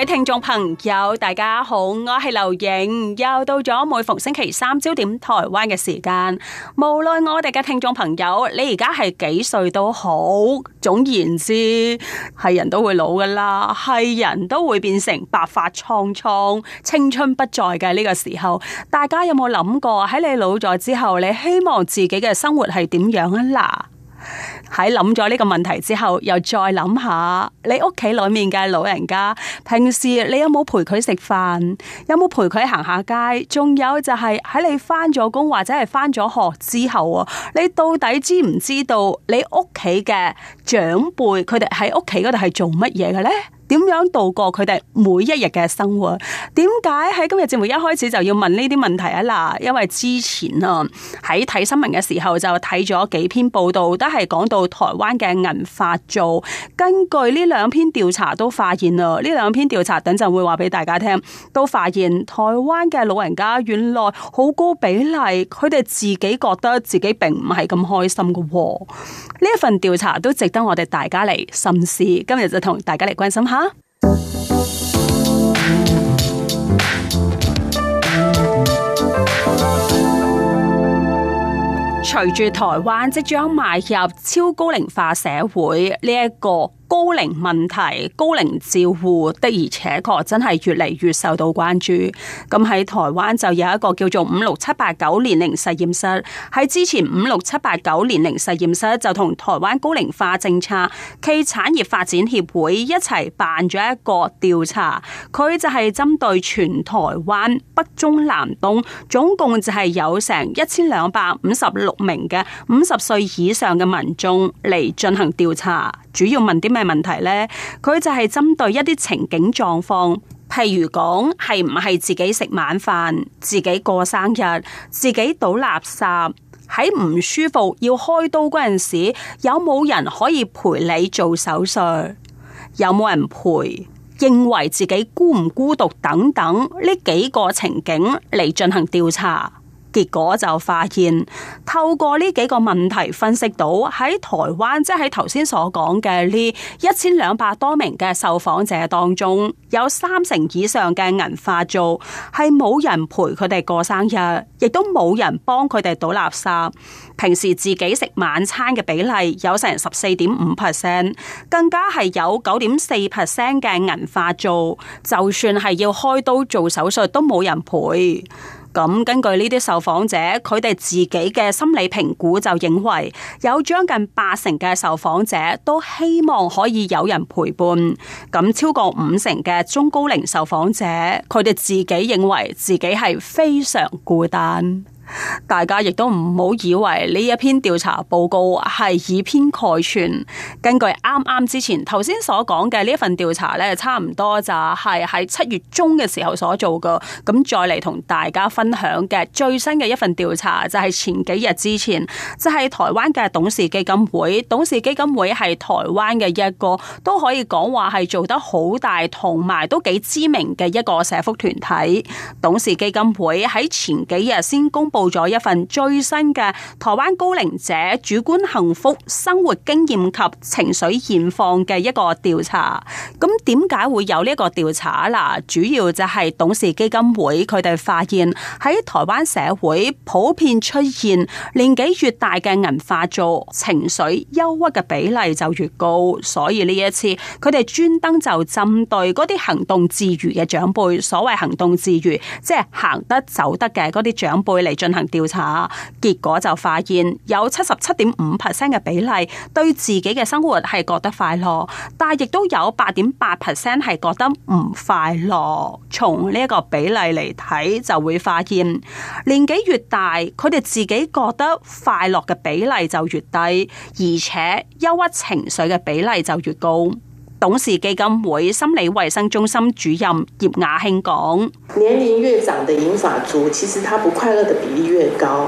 各位聽眾朋友，大家好，我係劉瑩，又到咗每逢星期三焦點台灣嘅時間。無論我哋嘅聽眾朋友，你而家係幾歲都好，總言之，係人都會老噶啦，係人都會變成白髮蒼蒼、青春不再嘅呢個時候。大家有冇諗過喺你老咗之後，你希望自己嘅生活係點樣啊？嗱。喺諗咗呢個問題之後，又再諗下你屋企裏面嘅老人家，平時你有冇陪佢食飯？有冇陪佢行下街？仲有就係喺你返咗工或者係返咗學之後啊，你到底知唔知道你屋企嘅長輩佢哋喺屋企度係做乜嘢嘅咧？點樣度過佢哋每一日嘅生活？點解喺今日節目一開始就要問呢啲問題啊？嗱，因為之前啊喺睇新聞嘅時候就睇咗幾篇報道，都係講到。台灣嘅銀髮族，根據呢兩篇調查都發現啦，呢兩篇調查等陣會話俾大家聽，都發現台灣嘅老人家原來好高比例，佢哋自己覺得自己並唔係咁開心㗎喎。呢一份調查都值得我哋大家嚟審思，今日就同大家嚟關心下。隨住台灣即將邁入超高齡化社會呢一個。高齡問題、高齡照護的而且確真係越嚟越受到關注。咁喺台灣就有一個叫做五六七八九年齡實驗室。喺之前，五六七八九年齡實驗室就同台灣高齡化政策暨產業發展協會一齊辦咗一個調查。佢就係針對全台灣、北中南東，總共就係有成一千兩百五十六名嘅五十歲以上嘅民眾嚟進行調查。主要問啲咩問題呢？佢就係針對一啲情景狀況，譬如講係唔係自己食晚飯，自己過生日，自己倒垃圾，喺唔舒服要開刀嗰陣時，有冇人可以陪你做手術？有冇人陪？認為自己孤唔孤獨？等等呢幾個情景嚟進行調查。結果就發現，透過呢幾個問題分析到喺台灣，即係喺頭先所講嘅呢一千兩百多名嘅受訪者當中，有三成以上嘅銀髮族係冇人陪佢哋過生日，亦都冇人幫佢哋倒垃圾。平時自己食晚餐嘅比例有成十四點五 percent，更加係有九點四 percent 嘅銀髮族，就算係要開刀做手術都冇人陪。咁根據呢啲受訪者，佢哋自己嘅心理評估就認為，有將近八成嘅受訪者都希望可以有人陪伴。咁超過五成嘅中高齡受訪者，佢哋自己認為自己係非常孤單。大家亦都唔好以為呢一篇調查報告係以偏概全。根據啱啱之前頭先所講嘅呢一份調查咧,差唔多就係喺七月中嘅時候所做嘅。咁再嚟同大家分享嘅最新嘅一份調查，就係前幾日之前，就係台灣嘅董事基金會。董事基金會係台灣嘅一個都可以講話係做得好大，同埋都幾知名嘅一個社福團體。董事基金會喺前幾日先公布。做咗一份最新嘅台灣高齡者主觀幸福生活經驗及情緒現況嘅一個調查。咁點解會有個呢個調查啦？主要就係董事基金會佢哋發現喺台灣社會普遍出現年紀越大嘅銀髮族情緒憂鬱嘅比例就越高，所以呢一次佢哋專登就針對嗰啲行動自如嘅長輩，所謂行動自如即係行得走得嘅嗰啲長輩嚟進進行調查，結果就發現有七十七點五 percent 嘅比例對自己嘅生活係覺得快樂，但係亦都有八點八 percent 係覺得唔快樂。從呢一個比例嚟睇，就會發現年紀越大，佢哋自己覺得快樂嘅比例就越低，而且憂鬱情緒嘅比例就越高。董事基金會心理衛生中心主任葉雅興講：年齡越長的銀髮族，其實他不快樂的比例越高，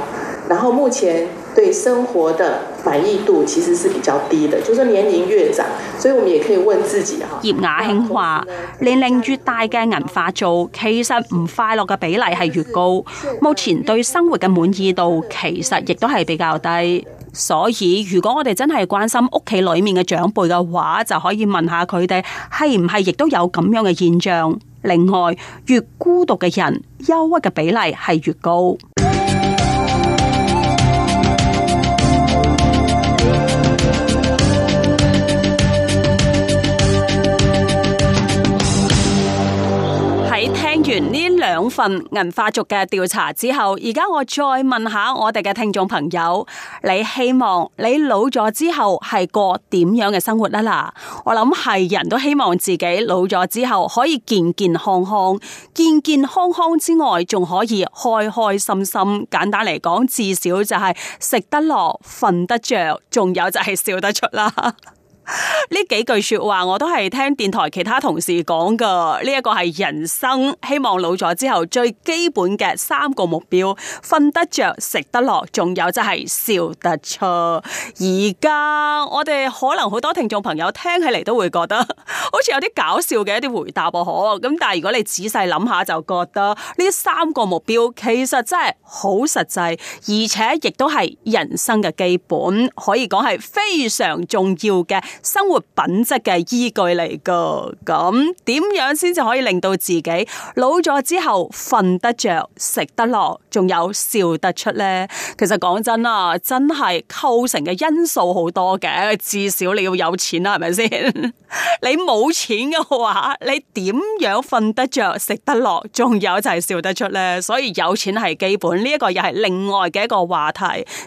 然後目前對生活的滿意度其實是比較低的。就是年齡越長，所以我們也可以問自己哈。葉雅興話：年齡越大嘅銀髮族，其實唔快樂嘅比例係越高，目前對生活嘅滿意度其實亦都係比較低。所以，如果我哋真係關心屋企裏面嘅長輩嘅話，就可以問下佢哋係唔係亦都有咁樣嘅現象？另外，越孤獨嘅人，憂鬱嘅比例係越高。份銀髮族嘅調查之後，而家我再問下我哋嘅聽眾朋友，你希望你老咗之後係過點樣嘅生活啦？嗱，我諗係人都希望自己老咗之後可以健健康康、健健康康之外，仲可以開開心心。簡單嚟講，至少就係食得落、瞓得着，仲有就係笑得出啦。 呢幾句說話我都係聽電台其他同事講噶。呢一個係人生，希望老咗之後最基本嘅三個目標：瞓得着、食得落，仲有就係笑得出。而家我哋可能好多聽眾朋友聽起嚟都會覺得 好似有啲搞笑嘅一啲回答噃。哦。咁但係如果你仔細諗下，就覺得呢三個目標其實真係好實際，而且亦都係人生嘅基本，可以講係非常重要嘅。生活品質嘅依據嚟噶，咁點樣先至可以令到自己老咗之後瞓得着、食得落？仲有笑得出咧？其實講真啦，真係構成嘅因素好多嘅，至少你要有錢啦，係咪先？ 你冇錢嘅話，你點樣瞓得着、食得落，仲有就係笑得出咧？所以有錢係基本，呢一個又係另外嘅一個話題。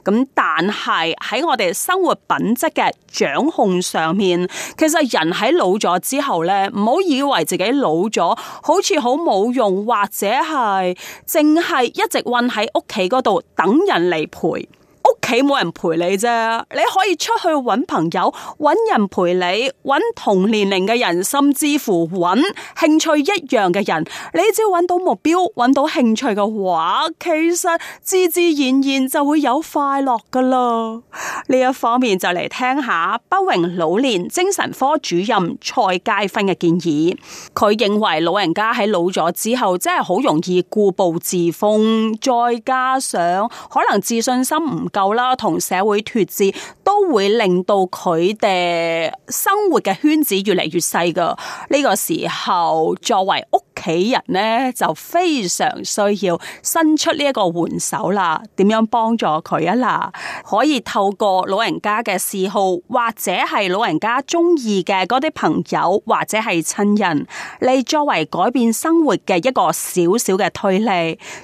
咁但係喺我哋生活品質嘅掌控上面，其實人喺老咗之後咧，唔好以為自己老咗，好似好冇用，或者係淨係一直。困喺屋企嗰度等人嚟陪。屋企冇人陪你啫，你可以出去揾朋友，揾人陪你，揾同年齡嘅人，甚至乎揾興趣一樣嘅人。你只要揾到目標，揾到興趣嘅話，其實自自然然就會有快樂噶啦。呢一方面就嚟聽下北榮 老年精神科主任蔡佳芬嘅建議。佢認為老人家喺老咗之後，真係好容易固步自封，再加上可能自信心唔。夠啦，同社會脫節都會令到佢哋生活嘅圈子越嚟越細噶。呢、這個時候作為屋企人呢就非常需要伸出呢一個援手啦，點樣幫助佢啊啦？可以透過老人家嘅嗜好，或者係老人家中意嘅嗰啲朋友或者係親人，你作為改變生活嘅一個小小嘅推力。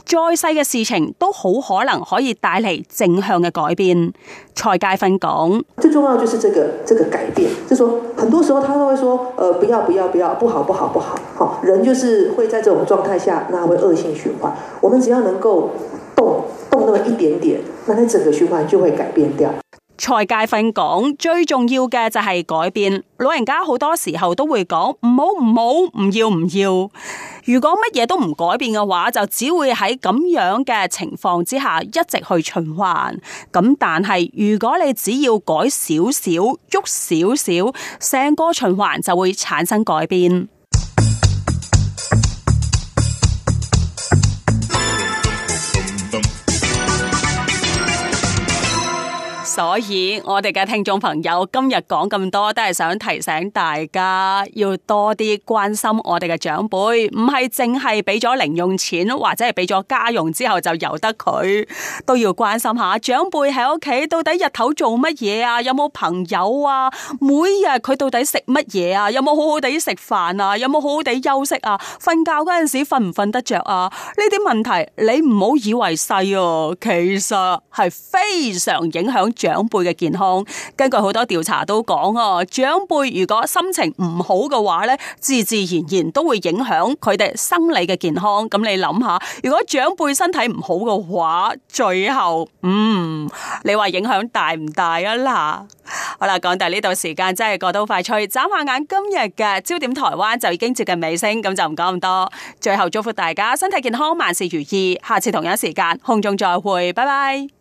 再細嘅事情都好，可能可以帶嚟正向嘅改變。蔡佳芬講，最重要就是這個，這個改變，就是，說很多時候他都會說，誒、呃，不要不要，不要，不，要不要，不好不好不好，不好人就是。會在這種狀態下，那會惡性循環。我們只要能夠動動那麼一點點，那那整個循環就會改變掉。蔡界奮講，最重要嘅就係改變。老人家好多時候都會講唔好唔好唔要唔要，要，要。如果乜嘢都唔改變嘅話，就只會喺咁樣嘅情況之下一直去循環。咁但係如果你只要改少少，喐少少，成個循環就會產生改變。所以，我哋嘅聽眾朋友今日講咁多，都係想提醒大家要多啲關心我哋嘅長輩。唔係淨係俾咗零用錢或者係俾咗家用之後就由得佢，都要關心下長輩喺屋企到底日頭做乜嘢啊？有冇朋友啊？每日佢到底食乜嘢啊？有冇好好地食飯啊？有冇好好地休息啊？瞓覺陣時瞓唔瞓得着啊？呢啲問題你唔好以為細啊，其實係非常影響長長輩嘅健康，根據好多調查都講哦，長輩如果心情唔好嘅話咧，自自然然都會影響佢哋生理嘅健康。咁你諗下，如果長輩身體唔好嘅話，最後，嗯，你話影響大唔大啊啦？好啦，講到呢度時間真係過都快脆。眨下眼今日嘅焦點台灣就已經接近尾聲，咁就唔講咁多。最後祝福大家身體健康，萬事如意。下次同樣時間空中再會，拜拜。